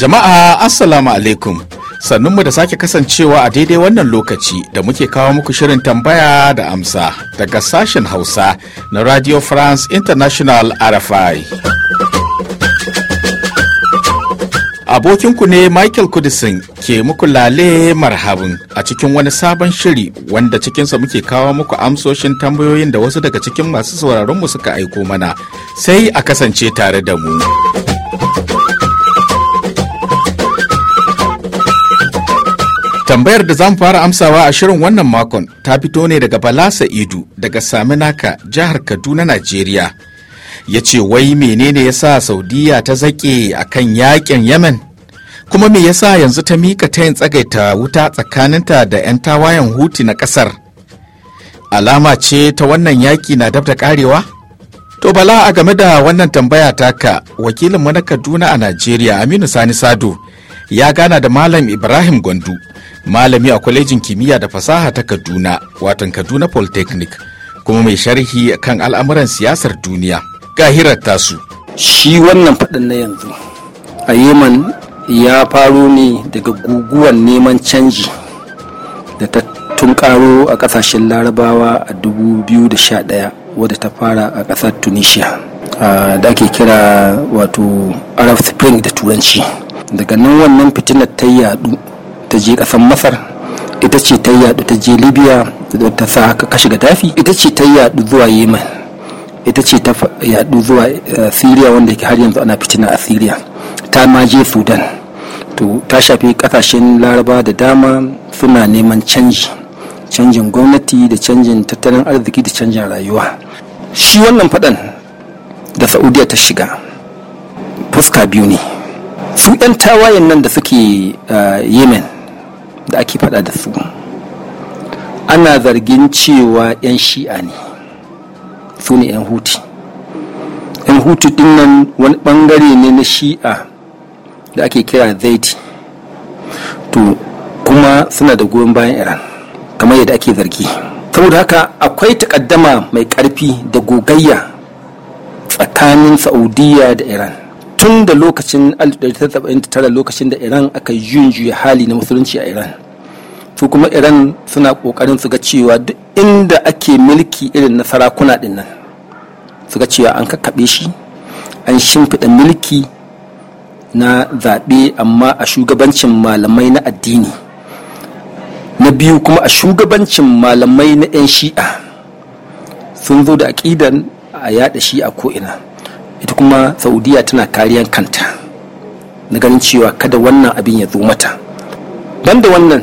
Jama'a Assalamu alaikum sannunmu da sake kasancewa a daidai wannan lokaci da muke kawo muku shirin tambaya da amsa daga sashen Hausa na Radio France International RFI. abokinku ne michael kudisin ke muku lale marhabin a cikin wani sabon shiri wanda cikinsa muke kawo muku amsoshin tambayoyin da wasu daga cikin masu sauraronmu suka aiko mana sai a kasance tare da mu tambayar da zamu fara amsawa a shirin wannan makon ta fito ne daga balasa idu daga saminaka jihar kaduna najeriya ya ce wai menene ya sa saudiya ta zaƙe a kan yaƙin yemen kuma me yasa yanzu ta mika ta yin tsagaita wuta tsakaninta da 'yan tawayen huti na ƙasar alama ce ta wannan yaƙi na dab da ƙarewa to bala a game da wannan tambaya taka mu na kaduna a najeriya aminu sani sado ya gana da malam ibrahim gwandu malami a kwalejin kimiyya da fasaha ta kaduna watan kaduna polytechnic kuma mai sharhi kan al'amuran siyasar duniya gahirar tasu shi wannan faɗin na yanzu a yemen ya faro ne daga guguwan neman canji da ta tunkaro a ƙasashen larabawa a 2011 wadda ta fara a ƙasar tunisia da ake kira wato arab spring da turanci daga nan wannan fitinar ta yadu ta je ƙasar masar ita ce ta yadu ta je libya da ta sa aka kashe tafi ita ce ta yadu zuwa yemen ita ce ta yadu zuwa eh, syria wanda yake har yanzu ana fitina a syria ta ma je sudan to ta shafi kasashen laraba da dama suna neman canji canjin gwamnati da canjin tattalin arziki da canjin rayuwa shi wannan fadan da saudiya ta shiga fuska biyu ne su 'yan tawayen nan da suke eh, yemen da ake fada da su ana zargin cewa 'yan shi'a ne su ne 'yan huti yan hutu ɗinnan wani ɓangare ne na shi'a da ake kira zaiti to kuma suna da goyon bayan iran kamar yadda ake zargi saboda haka akwai takaddama mai karfi da gogayya tsakanin saudiya da iran tun da lokacin 1979 lokacin da iran aka yi juya hali na musulunci a iran su kuma iran suna kokarin su ga cewa duk inda ake mulki irin na sarakuna din nan su ga cewa an kakkaɓe shi an shimfiɗa mulki na zaɓe amma a shugabancin malamai na addini na biyu kuma a shugabancin malamai na 'yan shi'a sun zo da aƙidan a yada a ko'ina ita kuma saudiya tana kariyan kanta na ganin cewa kada wannan abin ya zo mata banda wannan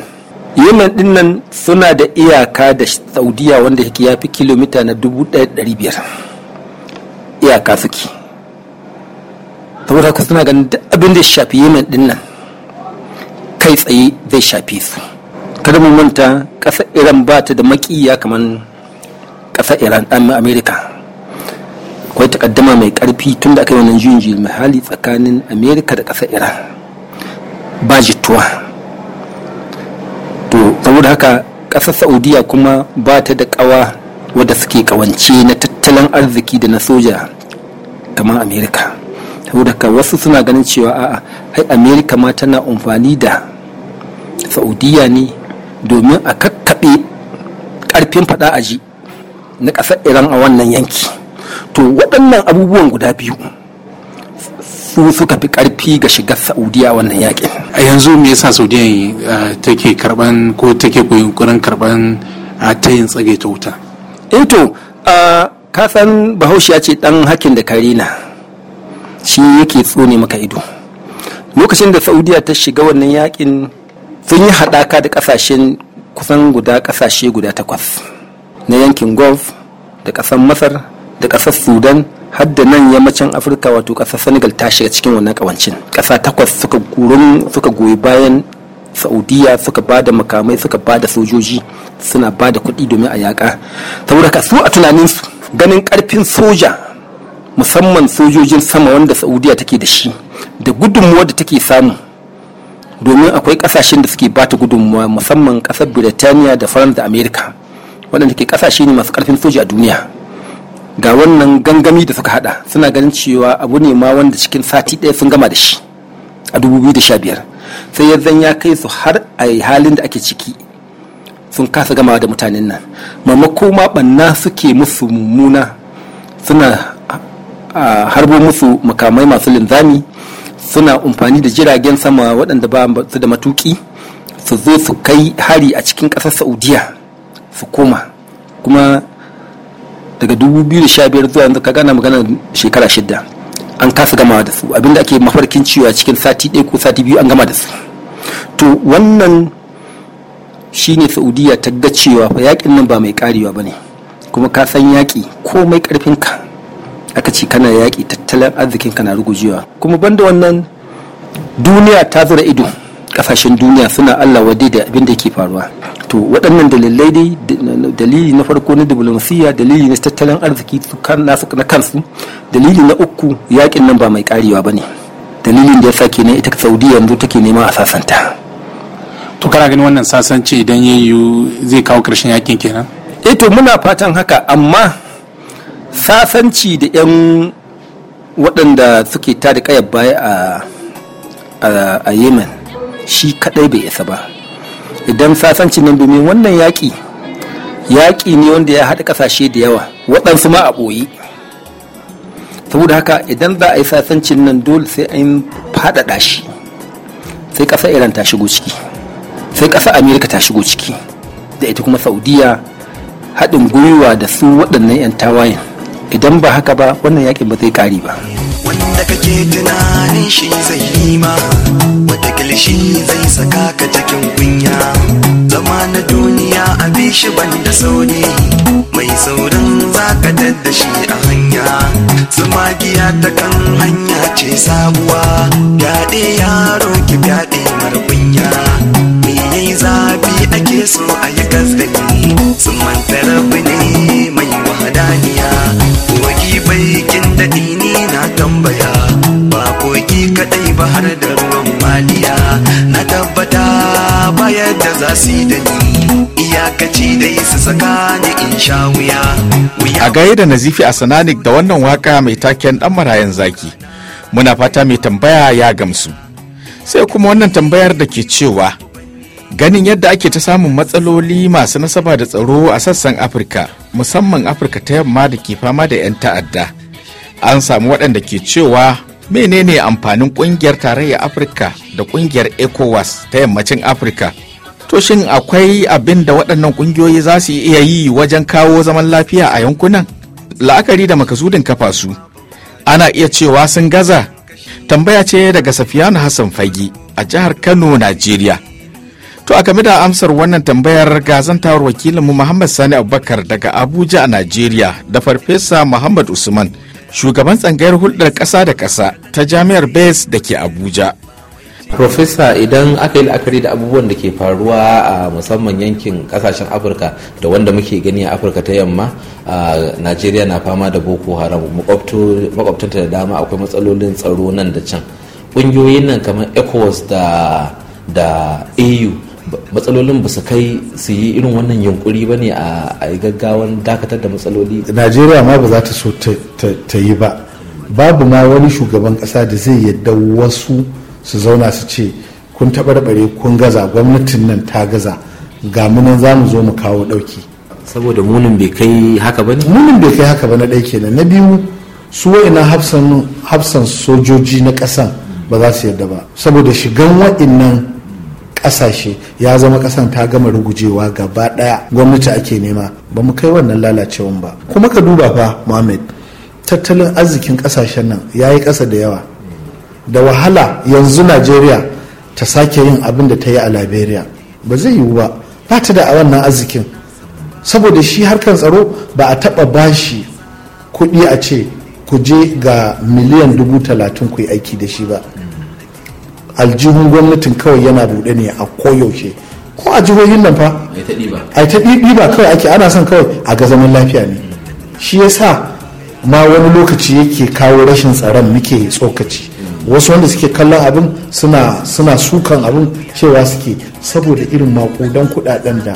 yemen din nan suna da iyaka da saudiya wanda ya fi kilomita na 1500 iyaka suke saboda ku suna ganin da abin da shafi yemen din nan kai tsaye zai shafi su kada mu manta ƙasa iran ba ta da makiya kamar ƙasa iran ɗan amerika akwai takaddama mai ƙarfi tun da aka yi wannan juyin juyin hali tsakanin amerika da ƙasa iran ba jituwa saboda haka ƙasar saudiya kuma ba ta da ƙawa wadda suke ƙawance na tattalin arziki da na soja kamar amerika saboda ka wasu suna ganin cewa a'a ai amerika ma tana amfani da saudiya ne domin a kakkaɓe ƙarfin faɗa ji na ƙasar iran a wannan yanki to waɗannan abubuwan guda biyu su suka fi karfi ga shigar saudiya wannan yakin a yanzu me yasa saudiya eh, take karban ko take koyon karban eh, ta yin tsage ta wuta Eto, eh to ka san bahaushe ya ce dan hakin da karina shi yake tsone maka ido lokacin da saudiya ta shiga wannan yakin sun yi haɗaka da ƙasashen kusan guda ƙasashe guda takwas na yankin gulf da ƙasar masar da ƙasar sudan har da nan yammacin afirka wato ƙasar senegal ta shiga cikin wannan ƙawancin ƙasa takwas suka gurin suka goyi bayan saudiya suka ba da makamai suka ba da sojoji suna ba da kuɗi domin a yaƙa saboda ka su a tunaninsu ganin ƙarfin soja musamman sojojin sama wanda saudiya take da shi da gudunmuwa da take samu domin akwai ƙasashen da suke bata gudunmuwa musamman ƙasar birtaniya da faransa da amerika waɗanda ke ƙasashe ne masu ƙarfin soja a duniya ga wannan gangami da suka hada suna ganin cewa abu ne ma wanda cikin sati ɗaya sun gama da shi a sha biyar sai yanzu ya kai su har a halin da ake ciki sun kasa gama da mutanen nan mamako ma banna suke musu mummuna suna harbo musu makamai masu linzami suna amfani da jiragen sama waɗanda ba su da matuki su zo su kai hari a cikin ƙasar saudiya su koma kuma daga biyar zuwa yanzu kaga gana magana shekara shida an kasa gama da su abinda ake mafarkin cewa cikin sati ɗaya ko sati biyu an gama da su to wannan shine saudiya ta ga cewa fa yakin nan ba mai karewa ba ne kuma ka san yaƙi komai karfin ƙarfinka aka ce kana yaƙi tattalin arzikin ka na rugujewa kuma banda wannan duniya ta zura ido kasashen duniya suna allah wade da abin da ke faruwa to waɗannan dalilai dai dalili na farko na diplomasiya dalili na tattalin arziki na kansu dalili na uku yakin nan ba mai karewa ba ne dalilin da ya sake ne ita saudi yanzu take neman a sasanta to kana ganin wannan sasance idan ya yiwu zai kawo ƙarshen yakin kenan eh to muna fatan haka amma sasanci da 'yan waɗanda suke tada ƙayar baya a yemen shi kadai bai isa ba idan sasancin nan domin wannan yaƙi yaƙi ne wanda ya haɗa ƙasashe da yawa waɗansu ma a ɓoyi saboda haka idan za a yi sasancin nan dole sai an faɗaɗa shi sai ƙasa iran ta shigo ciki sai ƙasa amerika ta shigo ciki da ita kuma saudiya haɗin gwiwa da su waɗannan 'yan tawayen idan ba haka ba wannan yaƙin ba zai ƙari ba. wanda kake tunanin shi zai yi ma wata kilishi zai saka ka cikin kunya zama na duniya a bishi banda sauri mai saurin zaka dadda shi a hanya zama giya ta kan hanya ce sabuwa fyaɗe yaro ki fyaɗe mar kunya me yayi zafi ake so a yi gasgani sun manta rabu ne tambaya ba kogi kadai ba har da ruwan maliya na tabbata bayar da za su yi da ni iyakaci yi su saka ni in sha wuya a gaye da nazifi a sananik da wannan waka mai taken dan marayan zaki muna fata mai tambaya ya gamsu sai kuma wannan tambayar da ke cewa ganin yadda ake ta samun matsaloli masu nasaba da tsaro a sassan afirka musamman afirka ta yamma da ke fama da 'yan ta'adda an samu waɗanda ke cewa menene amfanin ƙungiyar tarayya afirka da ƙungiyar ecowas ta yammacin afirka to shin akwai abin da waɗannan ƙungiyoyi za su iya yi wajen kawo zaman lafiya a yankunan la'akari da makasudin kafa su ana iya cewa sun gaza tambaya ce daga safiyanu hassan fagi a jihar kano najeriya to a game da amsar wannan tambayar gazantawar wakilinmu muhammad sani abubakar daga abuja a najeriya da farfesa muhammad usman shugaban tsangayar hulɗar ƙasa da ƙasa ta jami'ar Bayes da ke Abuja. Profesa idan aka yi la'akari da abubuwan da ke faruwa a musamman yankin kasashen Afirka da wanda muke gani a Afirka ta yamma a Najeriya na fama da Boko Haram makwabtanta da dama akwai matsalolin tsaro nan da can. Ƙungiyoyin nan kamar ECOWAS da da AU matsalolin ba su kai su yi irin wannan yunkuri ba ne a gaggawan dakatar da matsaloli najeriya ma ba za ta so ta yi ba babu ma wani shugaban kasa da zai yadda wasu su zauna su ce kun taɓarɓare kun gaza gwamnatin nan ta gaza ga munan za mu zo mu kawo ɗauki saboda munin bai kai haka ba ne munin bai kai haka ba na ɗaya kenan na biyu su wa'ina hafsan sojoji na ƙasan ba za su yadda ba saboda shigan wa'innan kasashe ya zama kasan ta gama rugujewa gaba daya gwamnati ake nema ba mu kai wannan lalacewan ba kuma ka duba fa muhammad tattalin arzikin kasashen nan ya yi kasa da yawa da wahala yanzu najeriya ta sake yin abin da ta yi a liberia ba zai yiwu ba ba ta da a wannan arzikin saboda shi harkar tsaro ba a taba bashi kuɗi a ce ku je ga miliyan dubu talatin ku yi aiki da shi ba aljihun gwamnatin kawai yana buɗe ne a koyaushe ko a jihohin nan fa a ta ɗiba kawai ake ana son kawai a ga zaman lafiya ne shi ya sa ma wani lokaci yake kawo rashin tsaron muke tsokaci wasu wanda suke kallon abin suna suna sukan abin cewa suke saboda irin makudan kudaden da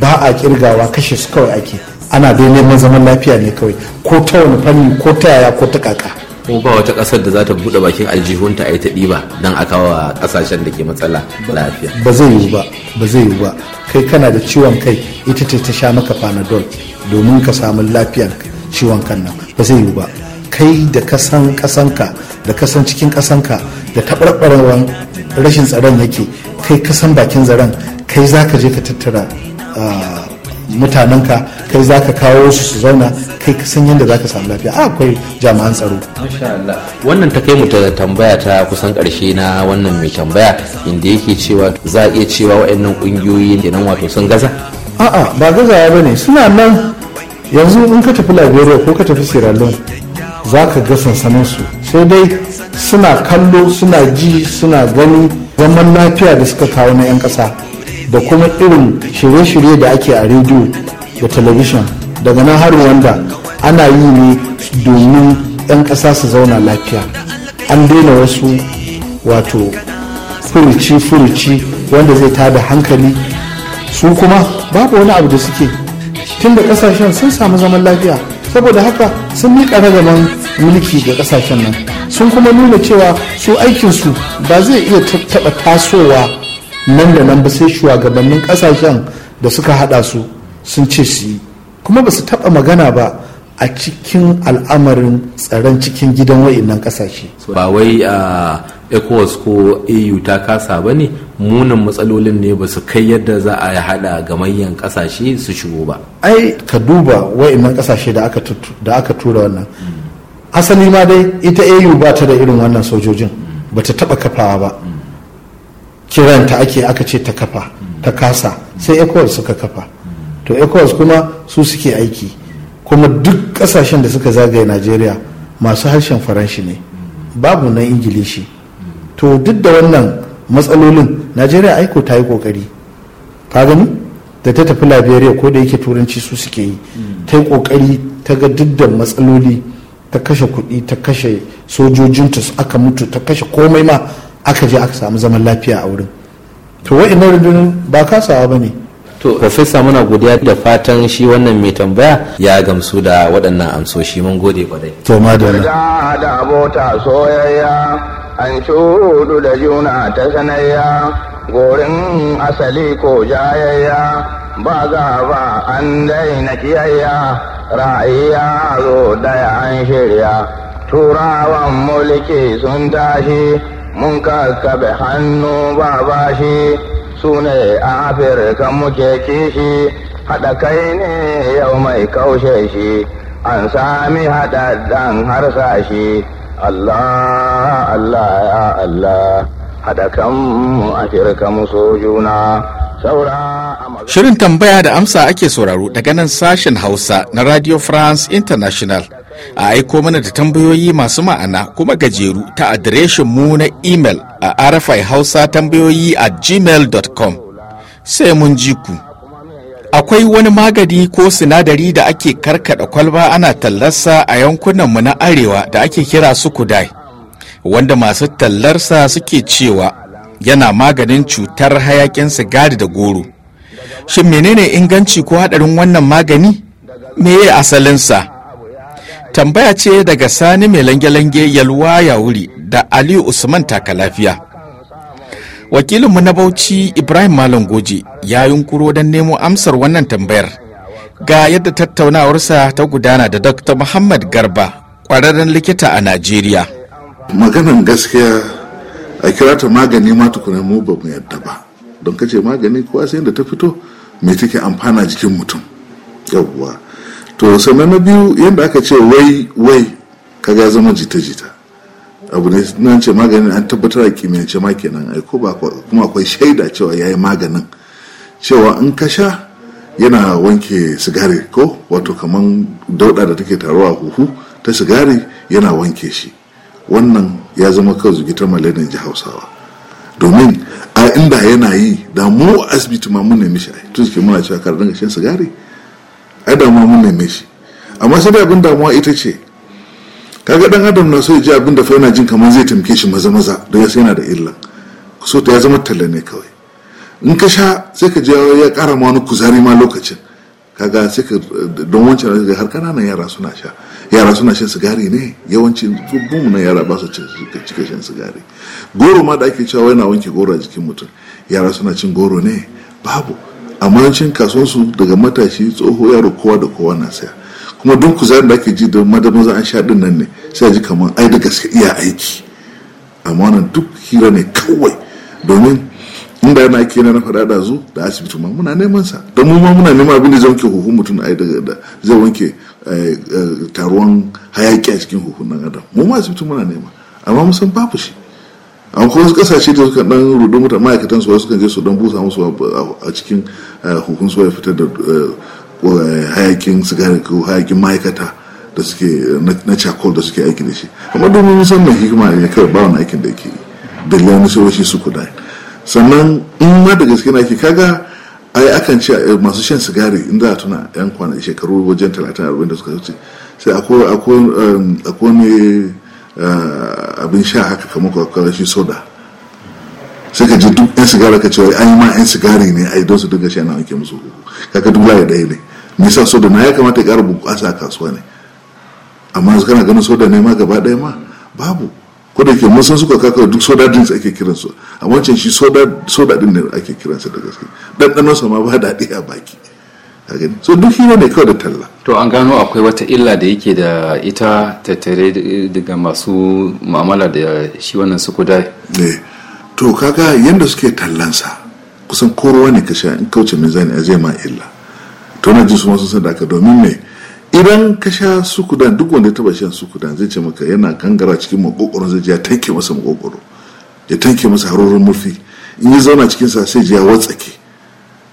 ba a kirgawa kashe su kawai ake ana dai neman zaman lafiya ne kawai ko ta wani fanni ko ta yaya ko ta kaka kuma ba wata kasar da za ta buɗe bakin aljihunta a yi ta ɗiba don a kawo kasashen da ke matsala lafiya ba zai yiwu ba ba zai yiwu ba kai kana da ciwon kai ita ce ta sha maka panadol domin ka samu lafiyar ciwon kan nan ba zai yiwu ba kai da kasan kasanka da kasan cikin kasanka da taɓarɓarewan rashin tsaron yake kai kasan bakin zaren kai za ka je ka tattara ah, mutanenka kai za ka kawo su su zauna kai ka san yadda za ka samu lafiya ah, akwai jami'an tsaro. wannan ta kai mu da tambaya ta kusan karshe na wannan mai tambaya inda yake cewa za a iya cewa kungiyoyi ƙungiyoyi nan wato sun gaza. a'a ba gazawa ba ne suna nan yanzu in ka tafi liberia ko ka tafi sierra leone za ka ga sansaninsu sai dai suna kallo suna ji suna gani zaman lafiya da suka kawo na 'yan ƙasa da kuma irin shirye-shirye da ake a rediyo da talabishin daga nan har wanda ana yi ne domin 'yan ƙasa su zauna lafiya an daina wasu wato furuci-furuci wanda zai tada hankali su kuma babu wani abu da suke tun da ƙasashen sun samu zaman lafiya saboda haka sun miƙa zaman mulki ga ƙasashen nan sun kuma nuna cewa su aikinsu ba zai iya taɓa tasowa nan da nan ba sai shugabannin kasashen da suka hada su sun ce su yi kuma ba su taba magana ba a cikin al'amarin tsaron cikin gidan wa'innan kasashe ba wai a ecowas ko eu ta kasa ba ne munin matsalolin ne ba su kai yadda za a yi hada gamayyan kasashe su shigo ba ai ka duba wa'innan kasashe da aka tura wannan asali ma dai ita au ba ta da irin wannan sojojin ba ta taba kafawa ba kiranta ake aka ce ta kafa ta kasa sai ecowas suka kafa to ecowas kuma su suke aiki kuma duk kasashen da suka zagaye najeriya masu harshen faranshi ne babu na ingilishi to duk da wannan matsalolin najeriya aiko ta yi kokari ka gani da ta tafi liberia ko da yake turanci su suke yi ta yi kokari ta ga duk da matsaloli ta kashe kuɗi ta kashe sojojinta aka mutu ta kashe komai ma aka je aka samu zaman lafiya a wurin to wa'annan rundunar ba kasawa ba ne to profesa muna godiya da fatan shi wannan mai tambaya ya gamsu da waɗannan amsoshi mun gode kwarai to ma da da abota soyayya an shudu da juna ta sanayya gorin asali ko jayayya ba za ba an daina kiyayya ra'ayya zo daya an shirya turawan mulki sun tashi mun kakkaɓe hannu ba bashi su ne a afirka muke kishi haɗa kai ne yau mai kaushe shi an sami harsa harsashi Allah Allah ya Allah haɗa kanmu afirka muso juna saura Shirin tambaya da amsa ake sauraro daga nan sashen Hausa na Radio France International. a aiko mana da tambayoyi masu ma'ana kuma gajeru ta adireshin mu na imel a arafai hausa tambayoyi a gmail.com sai mun ji ku akwai wani magani ko sinadari da ake karkada kwalba ana tallarsa a yankunan mu na arewa da ake kira su kudai wanda masu tallarsa suke cewa yana maganin cutar hayakin sigari da goro shin menene inganci ko haɗarin wannan magani meye asalinsa Tambaya ce daga Sani mai lange-lange yalwa ya wuri da Aliyu Usman taka lafiya. Wakilinmu na Bauchi Ibrahim Malam Goji ya yunkuro don nemo amsar wannan tambayar. Ga yadda tattaunawarsa ta gudana da Dr. Muhammad Garba, kwararren likita a Najeriya. Maganin gaskiya a kira ta magani ma tukuna mu ba mu yadda ba. Don kace magani kowa sai da ta fito mai take amfana jikin mutum. Yawwa. to sannan na biyu yadda aka ce wai wai kaga ya zama jita-jita abu ne nan ce maganin an tabbatar a kimiyyance ma kenan ai ko ba kuma akwai shaida cewa yayi maganin cewa in ka sha yana wanke sigari ko wato kaman dauda da take taruwa huhu ta sigari yana wanke shi wannan ya zama kawai zugita malarin ji hausawa domin a inda yana yi da mu asibiti ma mu nemi shi tun suke muna cewa kar dinga shan sigari ai damuwa mun neme shi amma sai dai abin damuwa ita ce kaga dan adam na so ya ji abin da fa yana jin kamar zai tamke shi maza maza da yasa yana da illa so ta ya zama talle ne kawai in ka sha sai ka je ya kara ma wani kuzari ma lokacin kaga sai ka don wancan ga har kananan yara suna sha yara suna shan sigari ne yawanci bumu na yara ba su cika shan sigari goro ma da ake cewa yana wanke goro a jikin mutum yara suna cin goro ne babu amarancin kasuwansu daga matashi tsoho yaro kowa da kowa na saya kuma don kuzarin da ake ji da za an sha din nan ne sai ji kamar ai da gaske iya aiki amma wannan duk hira ne kawai domin inda yana ake na faɗa da zu da asibiti ma muna neman sa don mu ma muna neman abin da zai wanke huhun mutum ai da zai wanke eh, eh, taruwan hayaki a cikin huhun nan adam mu ma asibiti muna nema amma mun san babu shi akwai wasu kasashe da suka dan rudu mutane ma'aikatan su sukan je su dan busa musu a cikin eh, hukun su ya fitar da eh, eh, hayakin sigari ko hayakin ma'aikata da suke na charcoal da suke aiki da shi amma domin san mai hikima ne kawai ba wani aikin da yake dalilan nasaroshi su dai sannan in ma da gaske na ke kaga ai akan ce masu shan sigari in za a tuna yan kwana shekaru wajen talatin arba'in da suka wuce sai akwai akwai um, Eh, abin sha haka kamar kwakwara shi soda sai ka ji duk 'yan sigara ka cewa an yi ma 'yan sigari ne ai idon su dinga sha na wanke musu uku kaga duk laye ɗaya ne nisa soda na ya kamata ya ƙara a a kasuwa ne amma su kana ganin soda ne ma gaba ɗaya ma babu ko da ke musan suka kaka duk soda drinks ake kiran su. a wancan shi soda din ne ake kiransa da gaske ɗanɗanonsa ma ba daɗi a baki so duk shi ne kawai da talla to an gano akwai wata illa da yake da ita tattare daga masu mu'amala da shi wannan su kudai ne eh, to kaga yadda suke tallansa kusan korowa ne kashe in kauce mizani a zai ma illa to na ji su masu sadaka domin me idan ka sha kudan duk wanda ya taba shan kudan zai ce maka yana gangara cikin makokoro zai ji ya tanke masa makokoro ya tanke masa harorin murfi in ya zauna cikin sai ya watsake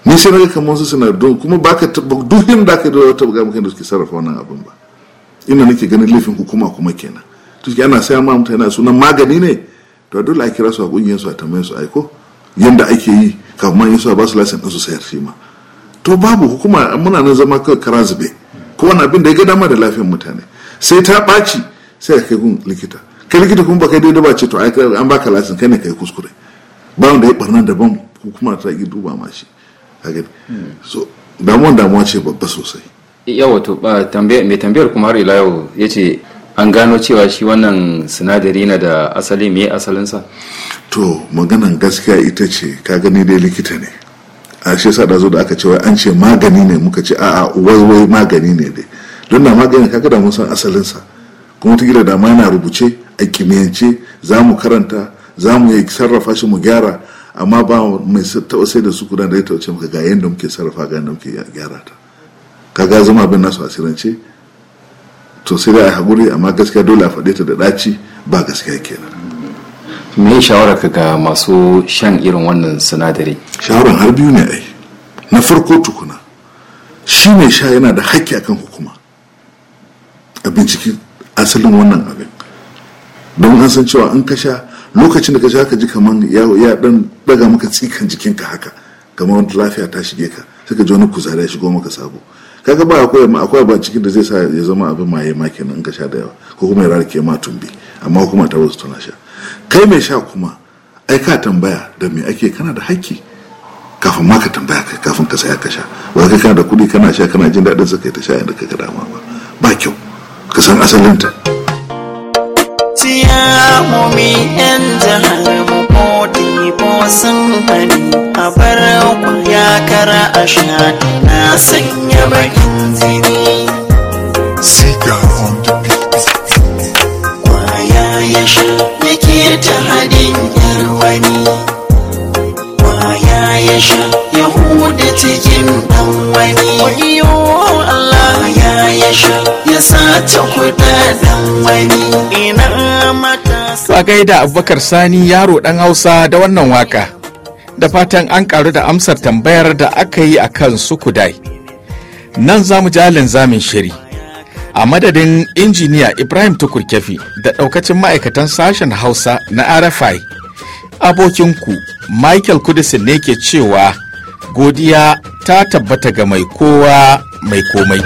ni sai na kamar su suna don kuma baka duk yin da ka dora ta buga da suke sarrafa wannan abin ba ina nake ganin laifin hukuma kuma kenan to shi ana sai ma mutane sunan magani ne to dole a kira su a kungiyar su a tambaye su aiko yanda ake yi kafin yin su a ba su lasin su sayar shi ma to babu hukuma muna nan zama kawai kara zube ko wani abin da ya ga dama da lafiyar mutane sai ta ɓaci sai a kai gun likita kai likita kuma ba kai daidai ba ce to an baka lasin kai ne kai kuskure ba wanda ya barna daban hukuma ta yi duba ma shi so damuwan damuwa ce babba sosai yawa to mai tambayar kuma har ila yau ya ce an gano cewa shi wannan sinadari na da asali me asalinsa to maganan gaskiya ita ce ka gani dai likita ne a shi sa da zo da aka ce wai an ce magani ne muka ce a'a wai magani ne dai don na magani kaga da mun san asalinsa kuma ta da ma yana rubuce a kimiyyance za mu karanta za mu yi sarrafa shi mu gyara amma ba mai taɓa sai da su kuna da ya tauce maka ga yadda muke sarrafa ga yadda muke gyara ta kaga zama abin nasu asirance to sai da a haƙuri amma gaskiya dole a faɗe ta da ɗaci ba gaskiya kenan me shawara ka ga masu shan irin wannan sinadari shawaran har biyu ne ai na farko tukuna shi mai sha yana da haƙƙi akan hukuma a binciki asalin wannan abin don an san cewa an ka lokacin da ka sha haka ji kaman ya dan daga maka tsikan ka haka kaman wata lafiya ta shige ka sai ka ji wani kuzari ya shigo maka sabo kaga ba akwai akwai ba cikin da zai sa ya zama abin maye ma kenan in ka sha da yawa ko kuma ya rarke ma tumbi amma kuma ta wasu tana sha kai mai sha kuma ai ka tambaya da me ake kana da haƙƙi kafin ma ka tambaya kai kafin ka saya ka sha ba kai kana da kuɗi kana sha kana jin daɗin sa kai ta sha inda ka ga dama ba ba kyau ka san asalin ta zuciya mumi yan jihar makoti ko sun bari a bar ya kara a shaɗi na sanya bakin jini kwaya ya sha yake ta hadin yar wani kwaya ya sha ya huda cikin ɗan wani Allah ya sha sace kudaden Abubakar Sani yaro ɗan Hausa da wannan waka. Da fatan an ƙaru da amsar tambayar da aka yi a kan su kudai. Nan za mu jalin zamin shiri. A madadin injiniya Ibrahim Tukurkefi da ɗaukacin ma'aikatan sashen Hausa na RFI, abokinku Michael Kudisin ne ke cewa godiya ta tabbata ga mai kowa mai komai.